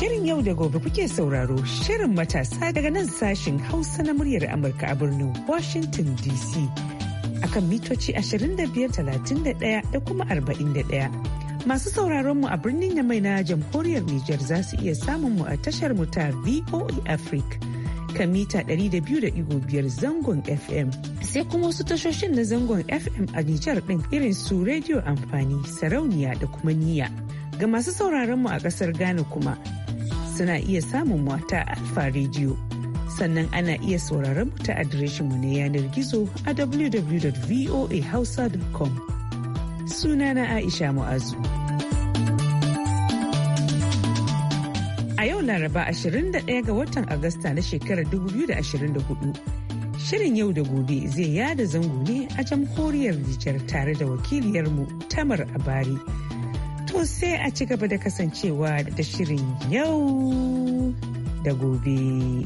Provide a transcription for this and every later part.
Shirin yau da gobe kuke sauraro Shirin matasa daga nan sashen Hausa na muryar Amurka a birnin Washington DC akan mitoci 2531 da kuma 41. Masu sauraron mu a birnin mai na jamhuriyar Nijar za su iya samun mu a tashar mu ta VOA e Africa. kan mita 200.5 zangon FM. Sai kuma wasu tashoshin na zangon FM a Nijar din irin su rediyo amfani, sarauniya da kuma niya. Ga masu sauraron mu a kasar Ghana kuma suna iya samun wata a Alfa Radio. Sannan ana iya sauraron mu ta mu na yanar gizo a www.voahausa.com. na Aisha Mu'azu. A yau Laraba 21 ga watan Agusta na shekarar 2024. Shirin yau da gobe zai yada zango ne a jamhuriyar Nijar tare da wakiliyarmu Tamar Abari To sai a ci gaba da kasancewa da shirin yau da gobe.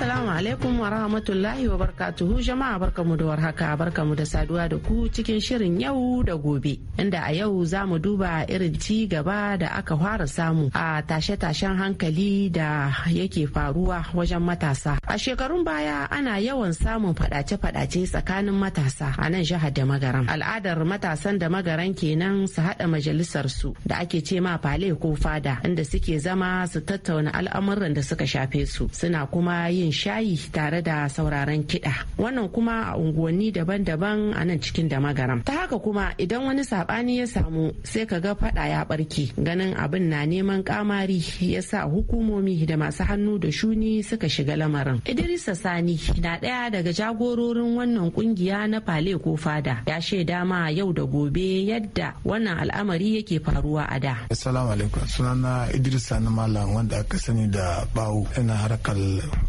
Assalamu alaikum wa rahmatullahi wa barkatuhu jama'a barkamu da warhaka barkamu da saduwa da ku cikin shirin yau da gobe inda a yau za mu duba irin ci gaba da aka fara samu a tashe-tashen hankali da yake faruwa wajen matasa. A shekarun baya ana yawan samun fadace-fadace tsakanin matasa a nan jihar da magaran. Al'adar matasan da magaran kenan su haɗa majalisar su da ake ce ma fale ko fada inda suke zama su tattauna al'amuran da suka shafe su suna kuma yin shan shayi tare da sauraron kiɗa wannan kuma a unguwanni daban-daban a nan cikin da magaram ta haka kuma idan wani saɓani ya samu sai ka ga faɗa ya ɓarke ganin abin na neman kamari ya sa hukumomi da masu hannu da shuni suka shiga lamarin idrisa sani na ɗaya daga jagororin wannan ƙungiya na fale ko fada ya shaida ma yau da gobe yadda wannan al'amari yake faruwa a da assalamu alaikum sunana idrisa na malam wanda aka sani da bawo ina harkar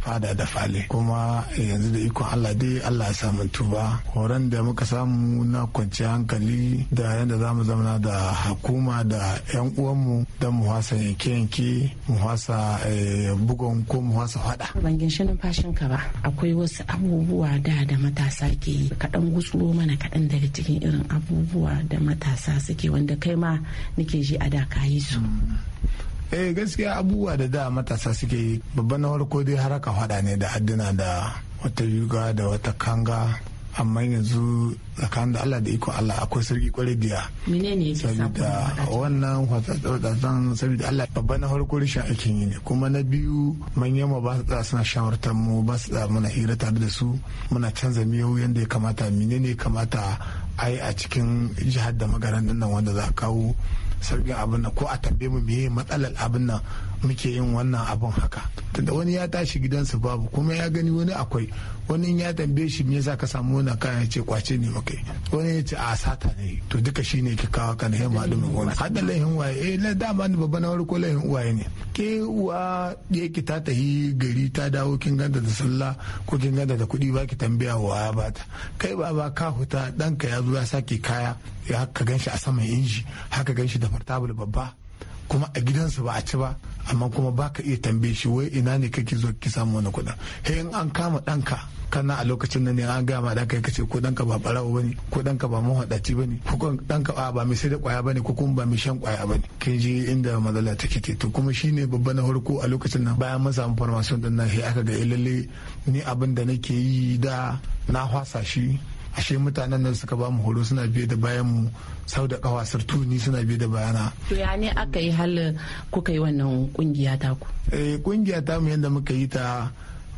fada da da fale kuma yanzu da ikon Allah dai Allah ya samu tuba horon da muka samu na kwanciyar hankali da yadda za mu zama da hakuma da yan uwanmu da mu hasa yanke-yanke mu hasa eh, bugon ko mu hasa fada. ban ginshi numfashin ka ba akwai wasu abubuwa da da matasa ke yi kaɗan gutsuro mana kaɗan daga cikin irin abubuwa da matasa suke wanda kai ma nake ji a da ka yi su. Mm. eh gaskiya abubuwa da da matasa suke yi babban na farko dai haraka hada ne da adduna da wata yuga da wata kanga amma yanzu tsakanin da Allah da iko Allah akwai sarki kwarai biya. Menene saboda wannan wadatsan saboda Allah babban na farko rishin aikin yi ne kuma na biyu manyan ma ba su suna shawartar mu ba su da muna hira tare da su muna canza miyau yadda ya kamata menene ya kamata a yi a cikin jihar da magaran nan wanda za a kawo sarkin abin nan ko a tambaye mu meye matsalar abin nan muke yin wannan abin haka tunda wani ya tashi su babu kuma ya gani wani akwai wani ya tambaye shi me yasa ka samu wannan kayan ce kwace ne muka wani ya ce a sata ne to duka shine ki kawo kana yin malumin wani hadda laihin waye eh na dama ni babban na ko lahin uwaye ne ke wa ya ki ta tahi gari ta dawo kin ganda da sallah ko kin ganda da kuɗi ba ki tambaya wa ya ta kai ba ba ka huta ɗanka ya zo ya sake kaya ya ka ganshi a saman inji haka ganshi da fartabul babba kuma a gidansu ba a ci ba amma kuma baka iya tambaye shi wai ina ne kake zo ki samu wani kuɗin he in an kama ɗanka kana a lokacin nan ne an gama ka kace ko ɗanka ba ɓarawo bane ko ɗanka ba mahaɗaci bane ko ɗanka ba mai sai da ƙwaya bane ko kuma ba mai shan ƙwaya bane kin ji inda matsala take ke to kuma shine babban na farko a lokacin nan bayan mun samu information din nan he aka ga eh, lalle ni abin da nake yi da na hwasa shi ashe mutanen nan suka ba mu horo suna biye da bayan mu sau da kawa sartuni suna biye da bayana to ya ne aka yi hal kuka yi wannan kungiya ta ku eh kungiya ta mu yanda muka yi ta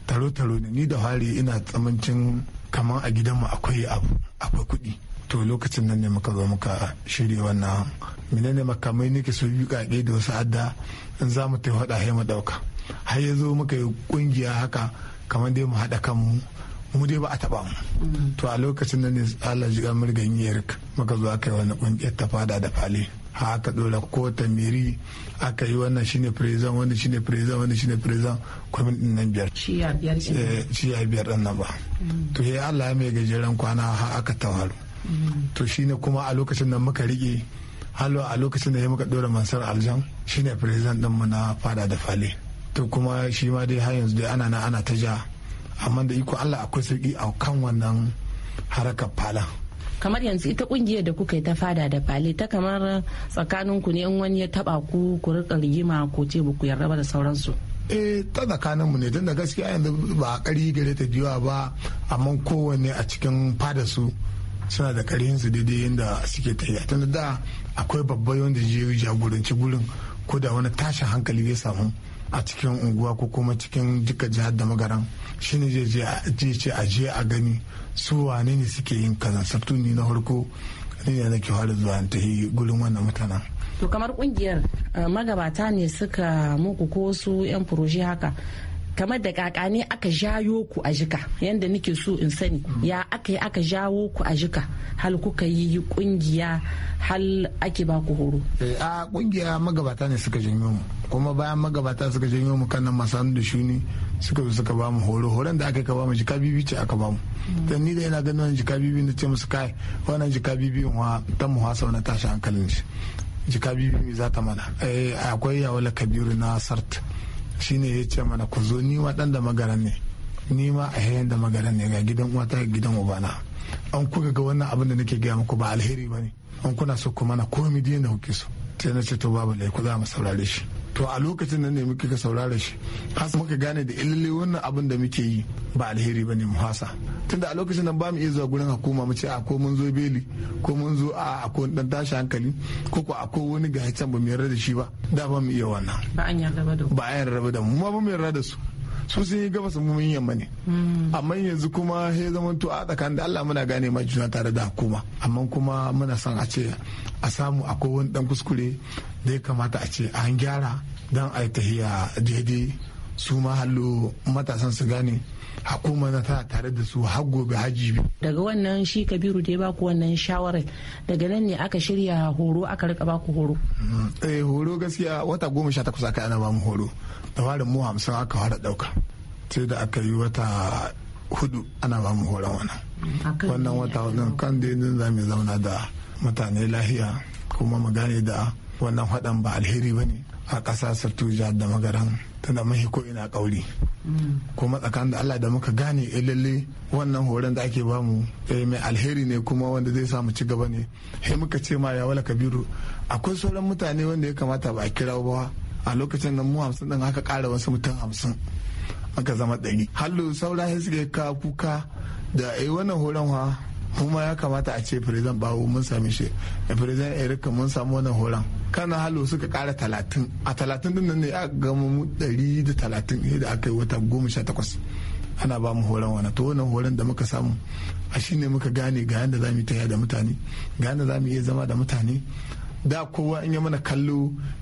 taro taro ne ni da hari ina tsamancin kaman a gidanmu akwai abu akwai kuɗi to lokacin nan ne muka zo muka shirya wannan menene makamai nake so yi kake da wasu adda in za mu tafi faɗa mu ɗauka har ya zo muka yi ƙungiya haka kamar dai mu haɗa kanmu mu dai ba a taba mu to a lokacin da ne Allah ji gamar ganyar muka zo aka yi wani kungiyar ta fada da fale ha aka dora ko ta miri aka yi wannan shine president wani shine president wani shine president kwamin din nan biyar shi ya biyar din eh, nan ba to ya Allah ya mai gajeren kwana ha aka tawaru mm. to shine kuma a lokacin da muka rike halo a lokacin da ya muka dora mansar aljan shine president din mu na fada da fale to kuma shi ma dai har yanzu dai ana na ana ta ja amma da iko allah akwai sauki a kan wannan harakar fala kamar yanzu ita kungiyar da kuka yi ta fada da fale ta kamar tsakaninku ne in wani ya taba ku ku rika rigima ko ce ba ku yarda da sauransu eh ta tsakanin mu ne tun da gaskiya yanzu ba kari gare ta jiwa ba amma kowanne a cikin fada su suna da karihin su daidai yadda suke tafiya tun da akwai babba wanda jiyoyi jagoranci gurin ko da wani tashin hankali ya samu a cikin unguwa ko kuma cikin duka jihar da magaran shine zai je ce a je a gani su wane ne suke yin kaza sabtu ne na farko ne ne nake fara zuwa ta yi gurin wannan mutanen to kamar kungiyar eh, magabata ne suka muku ko su yan furoshi haka kamar da kaka ne aka jayo ku a jika yadda nake so in sani ya aka yi aka jawo ku a jika hal kuka yi kungiya hal ake ba ku horo eh, a kungiya magabata ne suka janyo mu kuma bayan magabata suka janyo mu kan masu hannu da shuni suka zo suka ba mu horo horon da aka ka ba mu jika bibi ce aka ba mu dan ni da ina ganin wannan jika bibi na ce musu kai wannan jika bibi wa ta mu hasa wani tashi hankalin shi jika bibi za ta mana eh, akwai yawala kabiru na sart shine ya ce mana ku zo ni ma dan da magaran ne ni ma a yayin da magaran ne ga gidan uwata ga gidan ubana an kuka ga wannan abin da nake gaya muku ba alheri ba ne an kuna so ku mana komi da yana kuke so sai na ce to babu lai ku za mu saurare shi to a lokacin nan ne muke ka saurara shi hasa muka gane da ilalle wannan abin da muke yi ba alheri ba ne mu hasa tunda a lokacin nan ba mu iya zuwa gurin hukuma mu ce a ko mun zo beli ko mun zo a ko dan tashi hankali ko ko a ko wani ga can ba mu yarda da shi ba da ba mu iya wannan ba an yarda ba da mu ba mu yarda da su su sun yi gaba mu mun yamma ne hmm. amma yanzu kuma sai zama to a tsakanin da Allah muna gane ma juna tare da hukuma amma kuma muna son a ce a samu akwai wani dan kuskure da ya kamata a ce an gyara don a yi tahiya daidai su ma hallo matasan su gane hakuma na tana tare da su har gobe haji daga wannan shi kabiru da ya baku wannan shawarar daga nan ne aka shirya horo aka rika baku horo mm, eh horo gaskiya wata goma sha takwas aka ana bamu horo da warin mu hamsin aka fara dauka sai da aka yi wata hudu ana bamu horon wannan wannan wata wannan kan da yanzu za mu zauna da mutane lahiya kuma mu gane da wannan faɗan ba alheri ba ne a ƙasa sartuja da magaran tana mahi ko ina kauri kuma tsakanin da Allah da muka gane eh, lalle wannan horon da ake bamu eh, mai alheri ne kuma wanda zai samu ci gaba ne sai muka ce ma ya wala kabiru akwai sauran mutane wanda ya kamata ba a kira ba a lokacin nan mu hamsin din haka kara wasu mutum hamsin aka zama ɗari hallo saura sai suka ka kuka da ai eh, wannan horon kuma ya kamata a ce firizan bawo mun same shi firizan erika mun samu wannan horon kana halo suka kara talatin a talatin din nan ne aka gama mu ɗari da talatin da aka yi wata goma sha takwas ana ba mu horon wani to wannan horon da muka samu a shine muka gane ga yadda za mu yi tafiya da mutane ga yadda za mu iya zama da mutane da kowa in ya mana kallo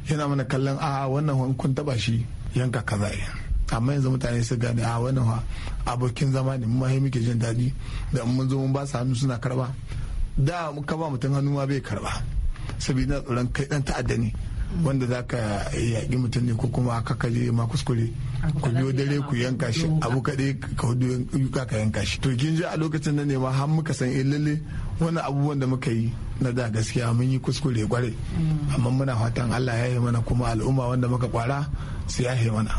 yana mana kallon a wannan kun taba shi yanka kaza amma yanzu mutane su gane a wannan ha abokin zama ne mu muke jin daɗi da mun zo mun ba su hannu suna karba da ka ba mutum hannu ma bai karba sabida tsoron kai dan ta'adda ne wanda za ka yaƙi mutum ne ko kuma ka kaje ma kuskure ku biyo dare ku yanka shi abu kaɗai ka hudu yuka ka yanka shi to kin ji a lokacin nan ne ma har muka san eh lalle wani abubuwan da muka yi na da gaskiya mun yi kuskure kware amma muna fatan Allah ya yi mana kuma al'umma wanda muka kwara su ya mana.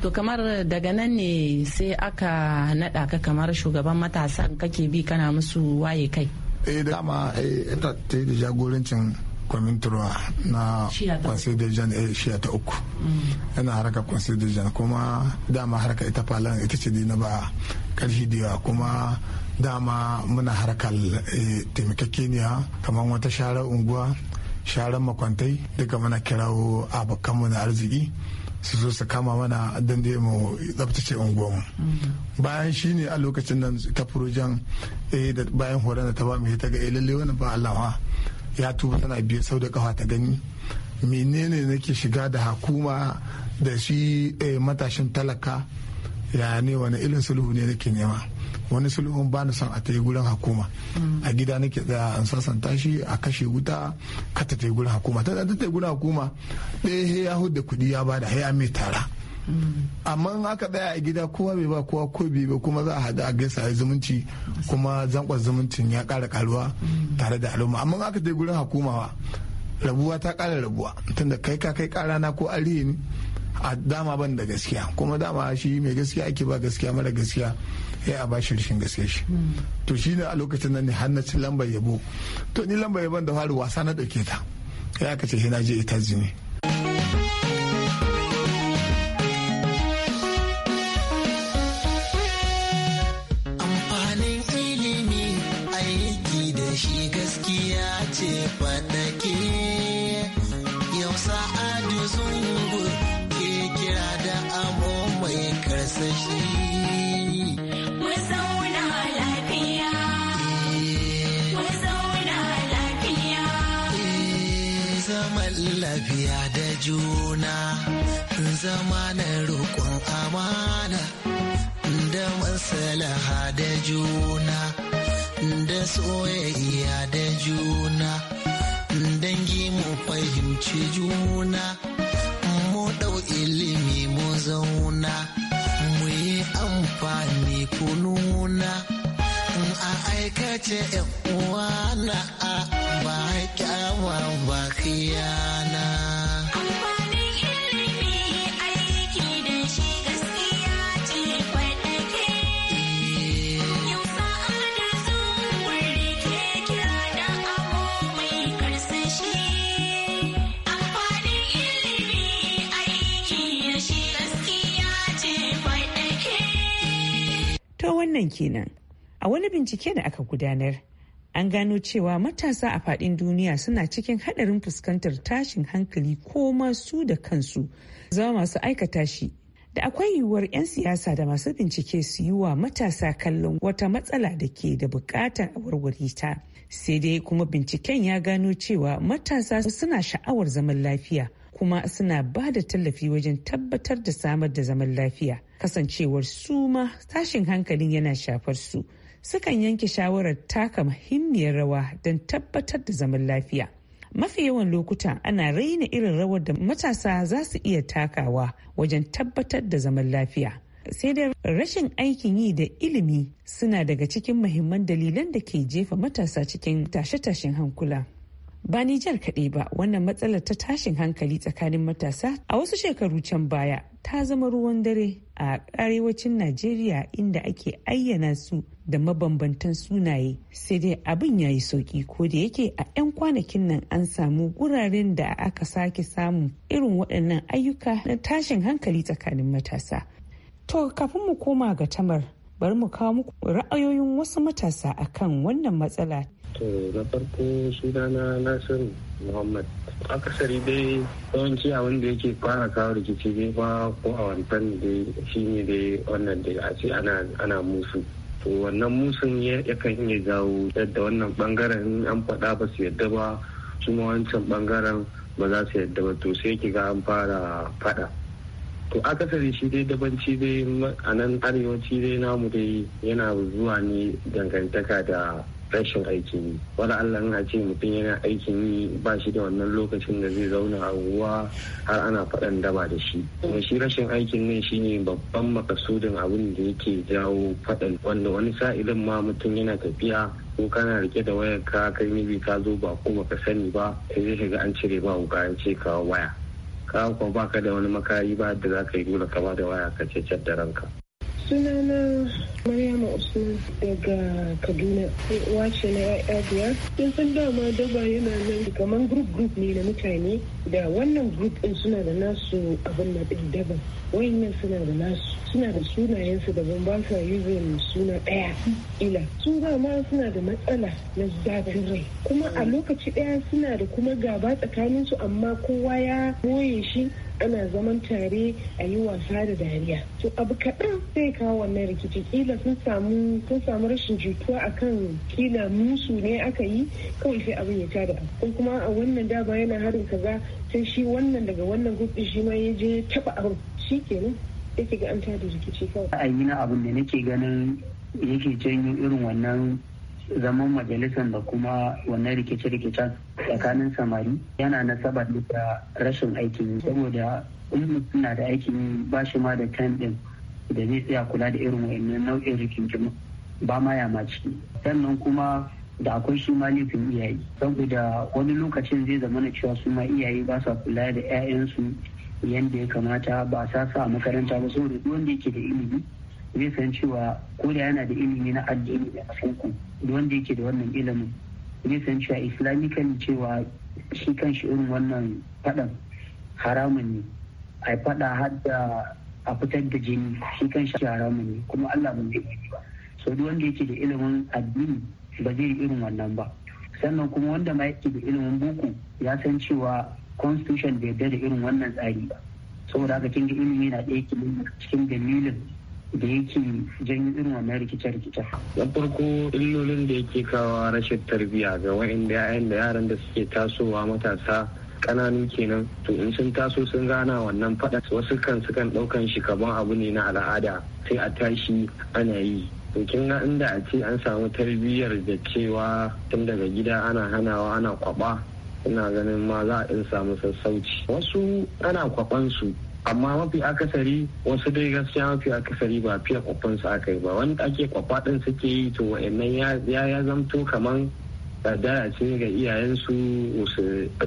to kamar daga nan ne sai aka naɗa ka kamar shugaban matasan kake bi kana musu waye kai eh dama eh ta yi da jagorancin kwamintarwa na consideration a eh, shiya ta uku mm. yana harkar consideration kuma dama harka ita falon ita ce na ba karshi da kuma dama muna harkar eh, taimakekeniya kamar wata sharar unguwa sharar makwantai daga muna kirawo abokanmu na arziki su zo su kama mana don da mu tsabtace mu bayan shi ne a lokacin nan ta furojan eh, bayan horon da ta ba mu ta ga eh, lalle wani ba allawa ya tuba tana biye sau da kafa ta gani menene nake shiga da hakuma da shi eh, matashin talaka ya ne wani ilin sulhu ne nake nema wani sulhun ba na son a tayi gurin hukuma mm. a gida nake da an sasanta shi a kashe wuta ka ta tayi gurin hukuma ta ta gurin hukuma ɗaya he ya hudda kuɗi ya bada da haya mai tara mm. amma in aka tsaya a gida kowa bai ba kowa ko bai ba kuma za a haɗu a gaisa a zumunci kuma zankwar zumuncin ya ƙara karuwa mm. tare da al'umma amma aka tayi gurin hukuma rabuwa ta ƙara rabuwa tunda kai ka kai ƙara na ko arihi ne a dama ban da gaskiya kuma dama shi mai gaskiya ake ba gaskiya mara gaskiya ya eh, a bashi rashin gaskiya shi to shi ne a lokacin nan ne hannacin lambar yabo to ni lambar yabon da faru wasa na ɗauke ta ya kace na je ita zini zama na roƙon amana da masalaha da juna da soyayya da juna dangi mu fahimci juna mu ɗau ilimi mu zauna mu yi amfani kununa a aikace wannan kenan a wani bincike da aka gudanar an gano cewa matasa a fadin duniya suna cikin hadarin fuskantar tashin hankali ko masu da kansu zama masu aikata shi da akwai yiwuwar 'yan siyasa da masu bincike su yi wa matasa kallon wata matsala da ke da bukatar a warware ta sai dai kuma binciken ya gano cewa matasa suna sha'awar zaman lafiya kuma suna ba da tallafi wajen tabbatar da samar da zaman lafiya kasancewar su ma tashin hankalin yana shafar su sukan yanke shawarar taka muhimmiyar rawa don tabbatar da zaman lafiya mafi yawan lokuta ana raina irin rawar da matasa za su iya takawa wajen tabbatar da zaman lafiya sai dai rashin aikin yi da ilimi suna daga cikin muhimman dalilan da ke jefa matasa cikin tashe-tashen hankula. ba Nijar kaɗai ba wannan matsalar ta tashin hankali tsakanin matasa a wasu shekaru can baya ta zama ruwan dare a arewacin Najeriya inda ake ayyana su da mabambantan sunaye sai dai abin ya yi sauki ko da yake a 'yan kwanakin nan an samu wuraren da aka sake samu irin waɗannan ayyuka na tashin hankali tsakanin matasa. To kafin mu koma ga tamar bari mu kawo muku ra'ayoyin wasu matasa akan wannan matsala na farko sunana nasiru muhammad akasari dai yawanci abin da yake fara kawo rikici dai ba ko a wani fanni shi ne dai wannan da a ce ana musu to wannan musun yakan iya jawo yadda wannan bangaren an faɗa ba su yadda ba kuma wancan bangaren ba za su yadda ba to sai ki ga an fara faɗa to akasari shi dai dabanci dai a nan arewaci dai namu dai yana zuwa ne dangantaka da rashin aikin yi wani allah ina ce mutum yana aikin yi ba shi da wannan lokacin da zai zauna a ruwa har ana faɗan daba da shi kuma shi rashin aikin nan ne babban makasudin abin da yake jawo faɗan wanda wani sa'ilin ma mutum yana tafiya ko kana rike da wayar ka kai mibi ka zo ba ko baka sani ba sai zai shiga an cire ba wuka an ce kawo waya ka kuma baka da wani makayi ba da za ka yi dole ka ba da waya ka ce da ranka suna na Maryama Usman daga Kaduna wace na ya'ya biyar. Sun san dama daba yana nan kamar group group ne na mutane da wannan group din suna da nasu abin na ɗin daban. Wayannan suna da nasu suna da sunayensu daban ba sa yuzin suna ɗaya ila. Su ma suna da matsala na zafin rai. Kuma a lokaci ɗaya suna da kuma gaba tsakaninsu amma kowa ya boye shi ana zaman tare a yi wasa da dariya to abu kaɗan zai kawo wannan rikici kila sun samu sun samu rashin jituwa akan kila musu ne aka yi kawai sai abin ya da ko kuma a wannan daba yana harin kaza sai shi wannan daga wannan gudun shi ma ya je taɓa abin shi kenan yake ga an tada rikici kawai. yi na abin da nake ganin yake janyo irin wannan zaman majalisar da kuma wannan rikice-rikicen tsakanin samari yana nasaba da rashin aikin saboda in suna da aikin ba shi ma da kan din da zai tsaya kula da irin wa'annan nau'in rikicin ba ma ya ciki. sannan kuma da akwai shi ma nufin iyaye saboda wani lokacin zai zama na cewa su ma iyaye ba sa kula da 'ya'yansu yadda ya kamata ba sa sa makaranta ba saboda duk wanda yake da ilimi zai san cewa ko da yana da ilimi na addini da ku wanda yake da wannan ilimin zai san cewa islamically cewa shi kan shi irin wannan fadan haramun ne a fada har da a fitar da jini shi kan shi haramun ne kuma Allah ban zai yi ba so duk wanda yake da ilimin addini ba zai yi irin wannan ba sannan kuma wanda ma yake da ilimin boko ya san cewa constitution bai yarda da irin wannan tsari ba saboda haka kin ga ilimi na ɗaya cikin dalilin da yake janyo irin wannan rikice-rikice. Na farko illolin da yake kawo rashin tarbiyya ga wa'inda yayan da yaran da suke tasowa matasa kananu kenan to in sun taso sun gana wannan fada wasu kan sukan daukan shi kaman abu ne na al'ada sai a tashi ana yi to kin ga inda a ce an samu tarbiyyar da cewa tun daga gida ana hanawa ana kwaba ina ganin ma za a in samu sassauci wasu ana kwaban su amma mafi akasari wasu dai gaskiya mafi akasari ba fiye kwafin su aka yi ba wani ake kwafa din suke yi to wa'annan ya ya zamto kaman tsadara ce ga iyayensu su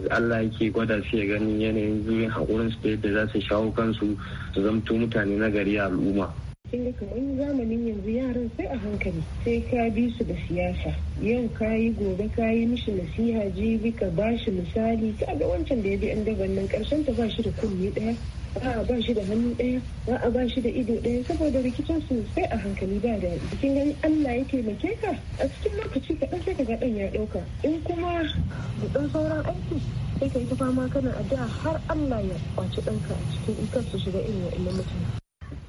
Allah yake gwada su ya ganin yanayin zuwin haƙurin su da yadda za su shawo kansu su zamto mutane na gari a al'umma. kin ga kamar zamanin yanzu yaran sai a hankali sai ka bi su da siyasa yau ka yi gobe ka yi mishi nasiha jibi ka ba shi misali ka ga wancan da ya bi an daban nan karshen ta ba shi da kunne ɗaya. za'a ba shi da hannu ɗaya za'a ba shi da ido ɗaya saboda rikicin su sai a hankali ba da kin gani Allah ya taimake ka a cikin lokaci ɗan sai ka ga ɗan ya ɗauka in kuma da ɗan sauran aiki sai ka yi ta fama kana a da har Allah ya kwaci ɗanka a cikin ikar su shiga irin wa'annan mutane.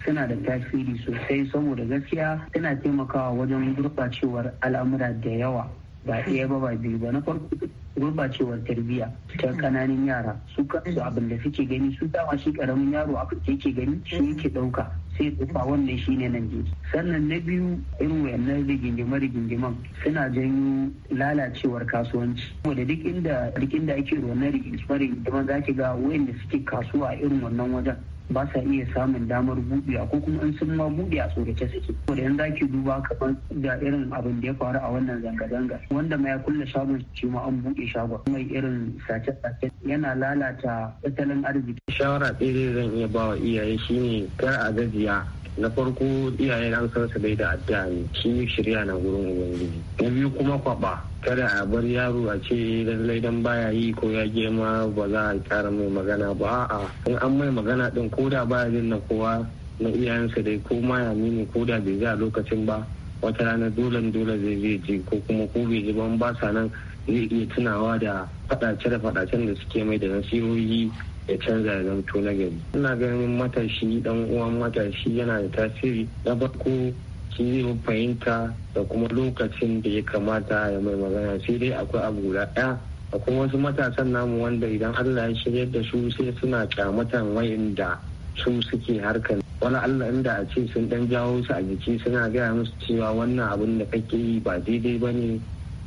suna da tasiri sosai saboda gaskiya suna taimakawa wajen gurɓacewar al'amura da yawa ba ɗaya ba ba biyu ba na farko gurbacewar tarbiyya ta kananan yara su kansu abin da suke gani su dama shi karamin yaro a yake gani shi yake ɗauka sai tsufa wannan shi ne nan jeji sannan na biyu irin wayannan rigingima rigingiman suna janyo lalacewar kasuwanci wanda duk inda duk inda ake wannan rigingima rigingiman za ki ga wayanda suke kasuwa a irin wannan wajen ba sa iya samun damar buɗewa ko kuma in sun ma buɗe a tsorace suke da yanzu zaki duba kamar da irin abin da ya faru a wannan zanga-zanga wanda ma ya kulle shagon shi ma an buɗe shagon mai irin sace-sace yana lalata tattalin arziki shawara ɗaya zan iya ba wa iyaye shine kar a gajiya na farko iyayen an san su bai da addu'a ne shi shirya na gurin ubangiji na biyu kuma kwaba kada a bar yaro a ce lallai dan baya yi ko ya girma ba za a kara mai magana ba a'a in an mai magana din ko da baya jin na kowa na iyayensa dai ko ma ya ko da bai a lokacin ba wata rana dole dole zai zai ji ko kuma ko bai ji ban ba sa nan zai iya tunawa da fadace da fadacen da suke mai da nasihohi ya canza ya zamto na gari ina ganin matashi dan uwan matashi yana da tasiri na farko shi zai fahimta da kuma lokacin da ya kamata ya mai magana sai dai akwai abu guda ɗaya akwai wasu matasan namu wanda idan allah ya shirya da su sai suna kyamatan wayanda su suke harkar wani allah inda a ce sun ɗan jawo su a jiki suna gaya musu cewa wannan abin da kake yi ba daidai ba ne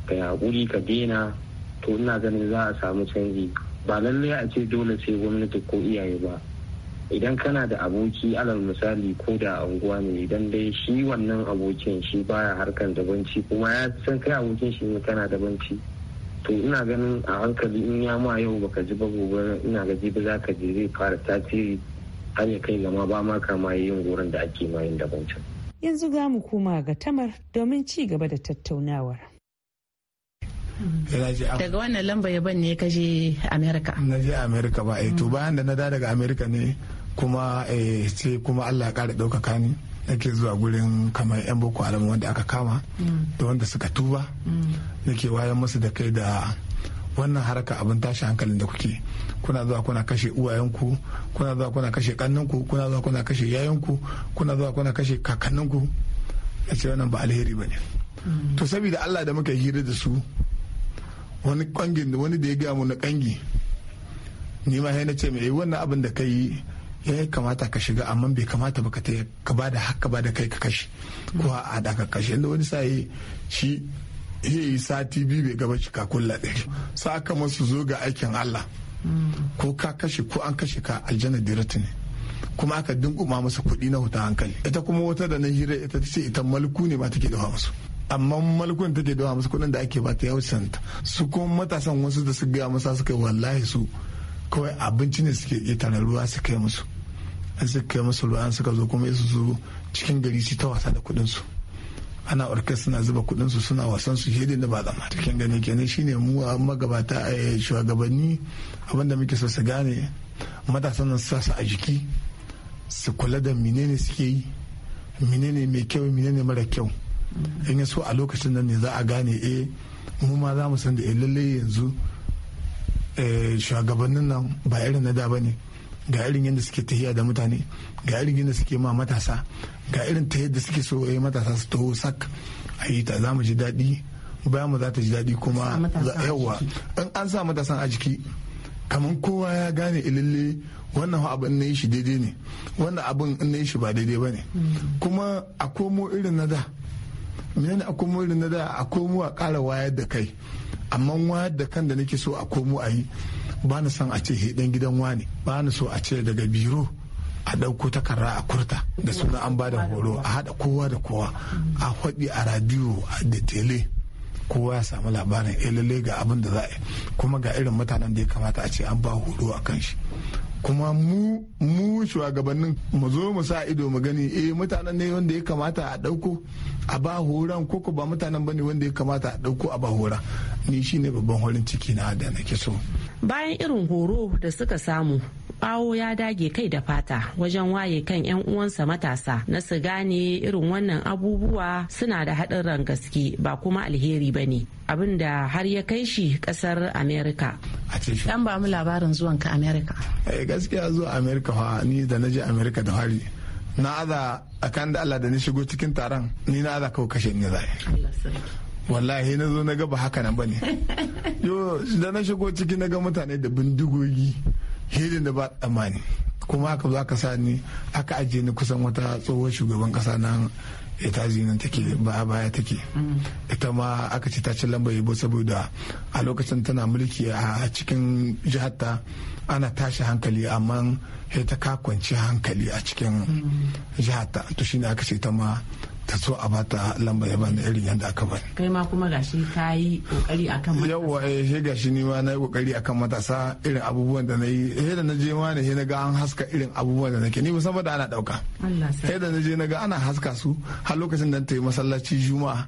ka yaƙuri ka daina to ina ganin za a samu canji ba lallai a ce dole sai gwamnati ko iyaye ba idan kana da aboki alal misali ko da unguwa ne idan dai shi wannan abokin shi baya harkan dabanci kuma ya san kai abokin shi ne kana dabanci to ina ganin a hankali in ya ma yau baka ji ba gobe ina ga jibi za ka je zai fara tasiri har ya kai gama ba ma kama yin gurin da ake ma yin dabancin. yanzu za mu koma ga tamar domin ci gaba da tattaunawar. daga wannan lamba yaban ne ka je amerika na je amerika ba eh, to bayan da na da daga amerika ne kuma eh, sai kuma allah ya kara ɗaukaka ne nake zuwa gurin kamar 'yan boko haram wanda aka kama da wanda suka tuba nake wayan musu da kai da wannan haraka abin tashi hankalin da kuke kuna zuwa kuna kashe uwayenku kuna zuwa kuna kashe kanninku kuna zuwa kuna kashe yayanku kuna zuwa kuna kashe kakanninku ya ce wannan ba alheri ba ne to saboda allah da muka hira da su wani da wani da ya gaya mu na kangi ni ma na ce mai eh, wannan abin da ka yi ya kamata ka shiga amma bai kamata ba ka ka ba da haka ba da kai ka kashe ko a haɗa ka kashe inda wani sa shi yi sati biyu bai gaba shi kakulla ɗari sa aka masu zo ga aikin Allah ko ka kashe ko an kashe ka aljanna diratu ne kuma aka dinkuma masa kuɗi na wuta hankali ita kuma wata da na hira ita ce ita malku ne ba take dawa musu amma malkun take dawa musu kuɗin da ake bata ya wucanta su kuma matasan wasu da su gaya masa suka yi wallahi su kawai abinci ne suke iya tare ruwa su kai musu an suka kai musu ruwa an suka zo kuma su zo cikin gari su ta wasa da kuɗin su ana orkes suna zuba kuɗin su suna wasan su shede da ba zama cikin gani kenan shine mu a magabata a eh, shugabanni abinda muke so su gane matasan nan sa a jiki su kula da menene suke yi menene mai kyau menene mara kyau in so a lokacin nan ne za a gane eh mu ma za mu san da eh, lalle yanzu eh, shugabannin nan ba irin na da ba ne ga irin yadda suke tahiya da mutane ga irin yadda suke ma matasa ga irin ta yadda suke so yi eh, matasa su taho sak a yi ta za mu ji daɗi bayan mu za ta ji daɗi kuma a yawwa in an sa matasan a jiki kamar kowa ya gane ilalle eh, wannan abin na yi shi daidai ne wannan abin na yi shi ba daidai ba ne mm. kuma a komo irin na da menene a komo irin na da a komo a ƙara wayar da kai amma wayar da kan da nake so a komo a yi ba na son a ce heɗen gidan wani ba na so a ce daga biro a ɗauko takarda a kurta da suna an ba da horo a haɗa kowa da kowa a faɗi a radiyo da tele kowa ya samu labarin eh ga abin da za kuma ga irin mutanen da ya kamata a ce an ba horo a kan shi kuma mu mu shugabannin mu zo mu sa ido mu gani eh mutanen ne wanda ya kamata a ɗauko a ba horon ko ba mutanen bane wanda ya kamata a ɗauko a ba horon ni shine babban horin ciki na da nake so bayan irin horo da suka samu bawo ya dage kai da fata wajen waye kan 'yan uwansa matasa na su gane irin wannan abubuwa suna da haɗin gaske ba kuma alheri ba ne abin da har ya kai shi ƙasar america ɗan ba mu labarin zuwan ka america eh gaskiya zuwa america fa ni da na je america da hari na aza kan da allah da ni shigo cikin taron ni na aza kawo kashe ni zai wallahi na zo na ga ba haka nan bane yo da na shigo ciki na ga mutane da bindigogi hidin da ba tsammani kuma haka za ka sa ni aka ajiye ni kusan wata tsohuwar shugaban kasa nan ita zinan take a baya take mm. ita ma aka ce ta ci lamba yabo saboda a lokacin tana mulki a cikin jiharta ana tashi hankali amma ita ta kakwanci hankali a cikin mm. jiharta to shine aka ce ta ma ta so a bata lamba ya bani irin yadda aka bani kai ma kuma gashi ka yi kokari akan matasa Yau eh shi gashi ni ma na yi kokari akan matasa irin abubuwan da na yi he da na je ma ne na ga an haska irin abubuwan da nake ni musamman da ana dauka He da na je na ga ana haska su har lokacin da ta yi masallaci juma'a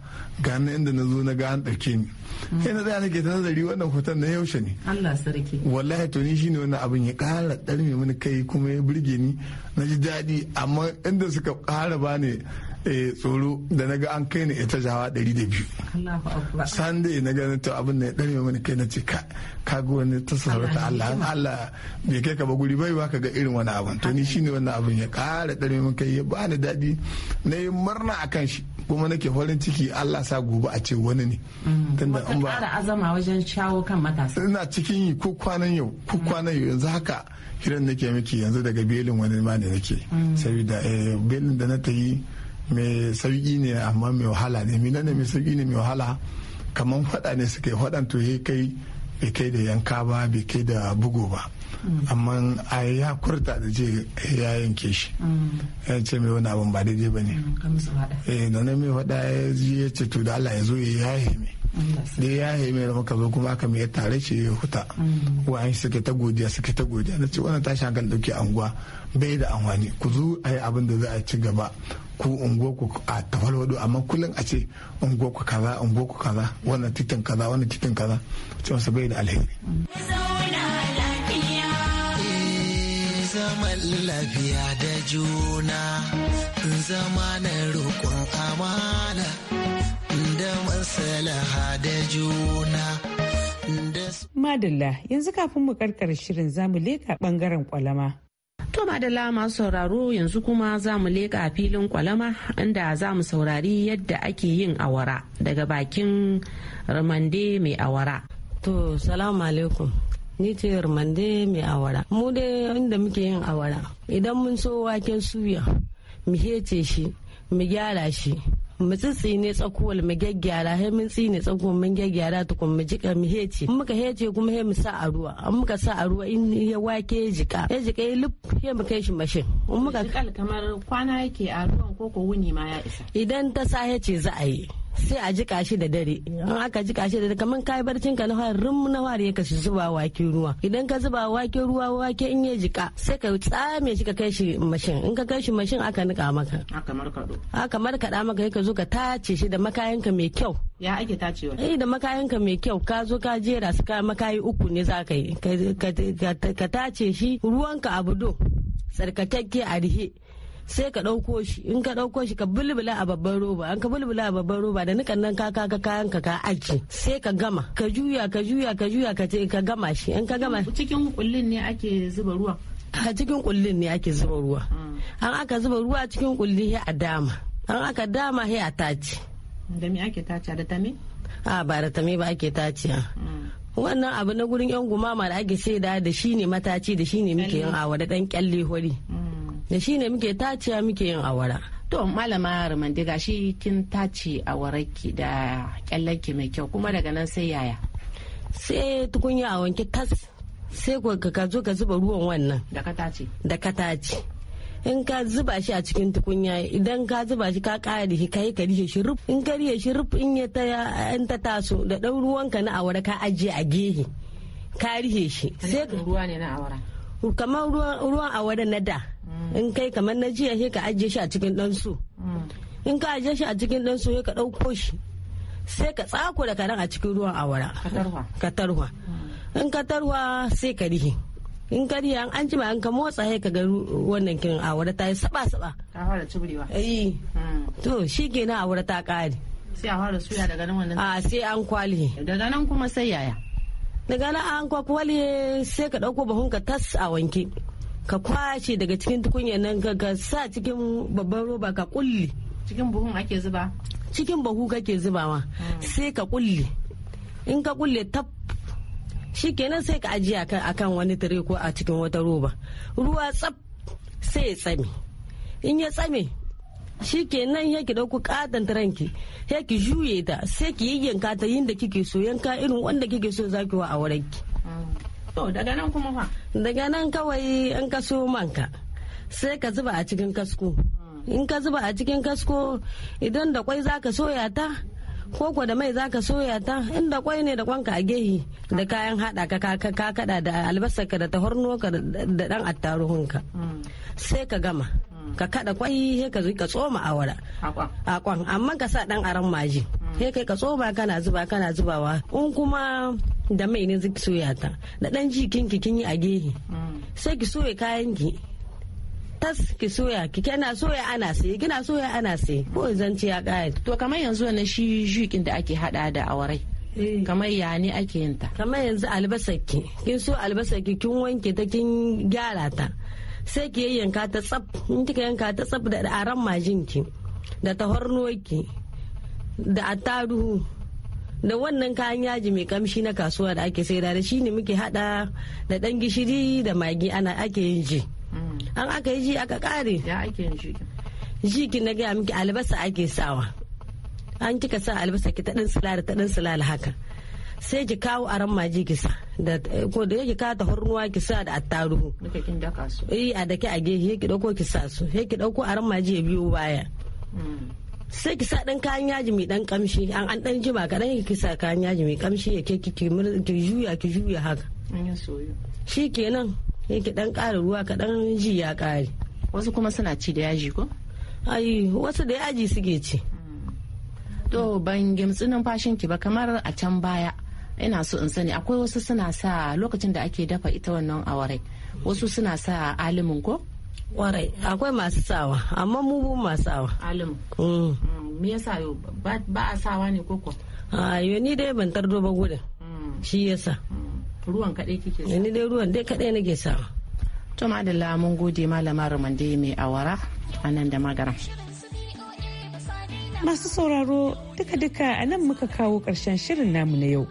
ga na inda na zo na ga an dauke ni mm. he na tsaya nake ta nazari wannan hoton na yaushe ne Allah sarki wallahi to ni shine wannan abin ya kara darme mini kai kuma ya burge ni na ji daɗi amma inda suka kara bani Eh, tsoro da na ga an kai ni ita jawa ɗari da biyu sande na ganin to abin da ya ɗari mani kai na ce ka ga wani ta sarauta Allah Allah bai kai ka ba guri bai ka ga irin wani abin to ni shine wannan abin ya ƙara ɗari mani kai ya bani daɗi na yi murna kan shi kuma nake farin ciki Allah sa gobe a ce wani ne mm. tunda in ba ƙara azama wajen shawo kan matasa ina cikin yi ko kwanan yau ko mm. kwanan yau yanzu haka hiran nake miki yanzu daga belin wani ma ne nake mm. saboda eh, belin da na ta yi mai sauki ne amma mai wahala ne mina ne mai sauki ne mai wahala kamar faɗa ne suka yi to ya kai bai kai da yanka ba bai kai da bugu ba amma a ya kurta da je ya yanke shi mm. ya ce mai wani abin ba daidai ba ne da mm, eh, na mai fada ya ce to da Allah ya zo ya yaye mai da ya yi mai muka zo kuma aka mai tare ce ya huta wa'an suke ta godiya suke ta godiya na ce wannan tashi hankali dauke anguwa bai da amfani ku zo a yi abin da za a ci gaba ku unguwa ku a tafalwado amma kullum a ce unguwa ku kaza unguwa ku kaza wannan titin kaza wannan titin kaza ce wasu bai da alheri zaman lafiya da juna zama na roƙon amana da da juna. Madalla yanzu kafin mu karkar shirin zamu leka bangaren kwalama. To madalla masu sauraro yanzu kuma za mu leƙa filin kwalama inda za mu saurari yadda ake yin awara daga bakin ramande mai awara. To salamu alaikum. Ni ce rumande mai awara. Mu dai inda muke yin awara. Idan mun so waken suya, mu hece shi, mu gyara shi, mu ne tsakuwal mu gyaggyara he mun ne tsakuwal mun gyaggyara ta mu jika mu hece mun muka hece kuma he mu sa a ruwa an muka sa a ruwa in ya wake jika ya jika ya lup he mu kai shi mashin mun muka kamar kwana yake a ruwan koko wuni ma ya isa idan ta sa hece za a yi sai a jika shi da dare in aka jika shi da dare kamar kai barcin ka na har rum na fara ya kashi zuba wake ruwa idan ka zuba wake ruwa wake in ya jika sai ka tsame shi ka kai shi mashin in ka kai shi mashin aka nika maka aka markado aka markada maka ka zo ka tace shi da makayan ka mai kyau ya ake tacewa eh da makayan ka mai kyau ka zo ka jera su ka makayi uku ne za ka yi ka tace shi ruwanka abu do tsarkakakke a rihe sai ka ɗauko shi in ka ɗauko shi ka bulbula a babban roba an ka bulbula a babban roba da nukan nan ka ka kayan ka ka aji sai ka gama ka juya ka juya ka juya ka ka gama shi in ka gama cikin kullin ne ake zuba ruwa a cikin kullin ne ake zuba ruwa an hmm. aka zuba ruwa cikin kulli he a dama an aka dama he a taci da me ake tace da tame a ba da tame ba ake tace hmm. wannan abu na gurin yan gumama da ake sai da shi ne mataci da shi ne muke yin awa da dan kyalle hori hmm. da shi ne muke taciya muke yin awara to malama rumande shi kin tace awararki da kyallarki mai kyau kuma daga nan sai yaya sai tukunya a wanke tas sai ka zo ka zuba ruwan wannan da ka taci da ka in ka zuba shi a cikin tukunya idan ka zuba shi ka da shi yi ka rihe shi rub in ka rihe shi rub in ya ta ta taso da dan ruwanka na awara ka ajiye a gehe ka rihe shi sai ruwa ne na awara kamar ruwan awara na da mm. in kai kamar na jiya sai ka ajiye shi a cikin dan su in ka ajiye shi a cikin dan su sai ka dauko shi sai ka tsako da karan a cikin ruwan awara ka tarwa in ka tarwa sai ka rihi in ka rihi an jima an ka motsa sai ka ga wannan kin awara ta yi saba saba ta fara cibrewa eh hmm. to shikenan awara ta kare sai a fara suya daga nan wannan a sai an kwali daga nan kuma sai yaya daga nan an kwakwale sai ka dauko bahun ka tas a wanke ka kwashe daga cikin tukunyar nan ka sa cikin babban roba ka kulle cikin buhun ake zuba cikin buhu kake zubawa hmm. sai ka kulle in ka kulle tab shikenan sai ka ajiye akan wani tare ko a cikin wata roba ruwa tsab sai ya tsame in ya tsame shikenan ya ki dauko katon ranki ya ki juye ta sai ki yayyanka ta yin da kike so yanka irin wanda kike so zaki wa a wurinki daga nan kawai in ka so manka sai ka zuba a cikin kasko. Hmm. In ka zuba a cikin kasko idan da kwai zaka soya ta ko kwa da mai zaka soya ta inda kwai ne da kwanka a gehi da kayan hada ka ka kada da albasarka da ka da dan ka. Hmm. Sai ka gama. Hmm. ka kada kwai sai ka ka tsoma awara a kwan amma ka sa dan aran maji sai kai ka tsoba kana zuba kana zubawa in kuma da mai ne zai soya ta da dan jikin ki kin yi a gehe sai ki soya kayan ki tas ki soya ki kana soya ana sai kina soya ana sai ko zance ya kare to kamar yanzu wannan shi jikin da ake hada da awarai eh. kamar ya ne ake yin ta kamar yanzu albasar ki kin so albasar ki kin wanke ta kin gyara ta sai ki yayyanka ta tsaf in kika yanka ta tsaf da aran majin ki da ta hornoki da attaruhu da wannan kayan yaji mai kamshi na kasuwa da ake sai da shi ne muke hada da dan gishiri da magi ana ake yin ji mm. an aka yi ji aka kare ya ake yin ji ji ki na gaya miki albasa ake sawa an kika sa albasa ki ta dan sulala ta dan sulala haka sai ki kawo aran maji ki sa da ko da yake ka ta hurnuwa ki sa da attaruhu duka kin daka su eh a dake a gehe ki dauko ki sa su sai ki dauko aran maji ya biyo baya mm. sai ki sa dan kayan yaji mai dan kamshi an an dan jima kadan ki sa kayan yaji mai kamshi ya ke ki ki juya ki juya haka shi kenan yake dan ƙara ruwa kaɗan ji ya ƙare. Wasu kuma suna ci da yaji ko? Ai, wasu da yaji suke ci. Mm. To ban gimtsi numfashin ki ba kamar a can baya. Ina so in sani akwai wasu suna sa lokacin da ake dafa ita wannan aure. Wasu suna sa alimin ko? kwarai akwai masu sawa amma mu masu sawa alim mm. mm, me yasa ba a sawa ne koko a ni dai ban tardo ba gudun mm. shi yasa ruwan kadai kike sa ni dai ruwan dai kadai nake sawa to madalla mun gode malama rumande mai awara a nan da magara masu sauraro duka-duka a nan muka kawo karshen shirin namu na yau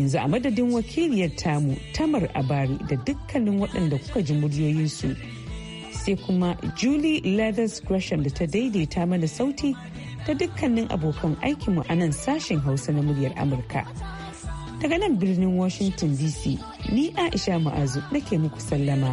yanzu a madadin wakiliyar tamu tamar abari da dukkanin waɗanda kuka ji muryoyinsu sai kuma Julie Leathers Gresham da ta daidaita mana sauti ta dukkanin abokan aikinmu a nan sashen Hausa na muryar Amurka. Daga nan birnin Washington DC, ni Aisha Ma'azu nake muku sallama.